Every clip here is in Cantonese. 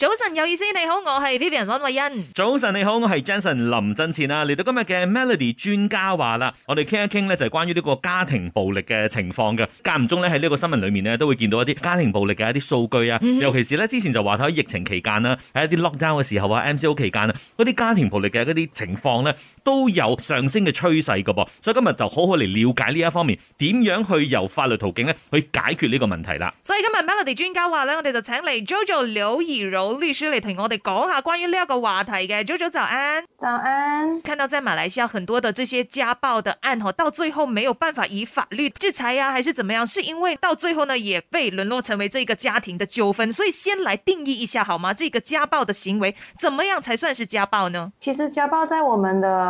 早晨有意思，你好，我係 Vivian 安慧欣。早晨你好，我係 Jason 林振前啊。嚟到今日嘅 Melody 專家話啦，我哋傾一傾咧就係關於呢個家庭暴力嘅情況嘅。間唔中咧喺呢個新聞裏面咧都會見到一啲家庭暴力嘅一啲數據啊，尤其是咧之前就話睇喺疫情期間啦，喺一啲 lockdown 嘅時候啊，MCO 期間啊，嗰啲家庭暴力嘅嗰啲情況咧。都有上升嘅趨勢噶噃，所以今日就好好嚟了解呢一方面，點樣去由法律途徑咧去解決呢個問題啦。所以今日 Melody 專家話咧，我哋就請嚟 JoJo 劉以柔律師嚟同我哋講下關於呢一個話題嘅。JoJo 早，早，早安，早安。看到在馬來西亞很多的這些家暴的案，嗬，到最後沒有辦法以法律制裁呀，啊，還是怎麼樣？是因為到最後呢，也被淪落成為這一個家庭的糾紛。所以先來定義一下好嗎？這個家暴的行為，怎麼樣才算是家暴呢？其實家暴在我們的。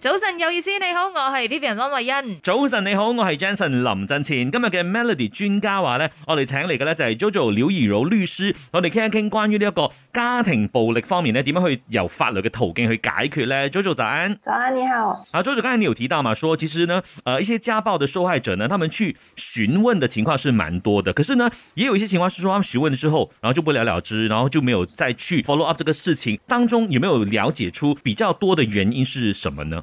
早晨有意思，你好，我係 Vivian 安慧欣。早晨你好，我係 Jenson 林振前。今日嘅 Melody 專家話咧，我哋請嚟嘅咧就係、是、JoJo 廖怡柔律師，我哋傾一傾關於呢一個家庭暴力方面咧，點樣去由法律嘅途徑去解決咧？JoJo 早安，早安你好。啊 JoJo 剛才你有提到嘛，說其實呢，呃，一些家暴的受害者呢，他們去詢問的情況是蠻多的，可是呢，也有一些情況是說，他們詢問之後，然後就不了了之，然後就沒有再去 follow up 這個事情當中，有沒有了解出比較多的原因是什麼呢？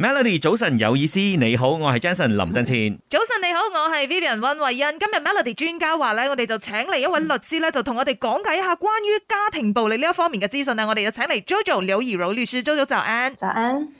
Melody 早晨有意思，你好，我係 Jason 林振千。早晨你好，我係 Vivian 温慧欣。今日 Melody 專家話咧，我哋就請嚟一位律師咧，就同我哋講解一下關於家庭暴力呢一方面嘅資訊啊！我哋就請嚟 JoJo 柳怡茹律師，JoJo jo, 早安。早安。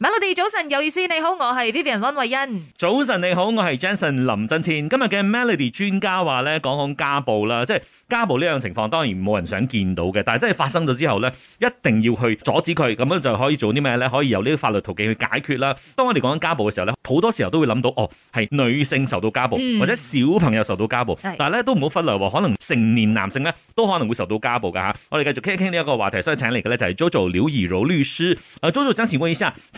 Melody 早晨有意思，你好，我係 Vivian 溫慧欣。早晨你好，我係 Jenson 林振千。今日嘅 Melody 專家話咧，講講家暴啦，即係家暴呢樣情況，當然冇人想見到嘅，但係真係發生咗之後咧，一定要去阻止佢，咁樣就可以做啲咩咧？可以由呢個法律途徑去解決啦。當我哋講緊家暴嘅時候咧，好多時候都會諗到，哦，係女性受到家暴，嗯、或者小朋友受到家暴，的但係咧都唔好忽略，可能成年男性咧都可能會受到家暴噶吓。我哋繼續傾一傾呢一個話題，所以請嚟嘅咧就係 JoJo 劉以老律師。誒、呃、JoJo 想請問一下，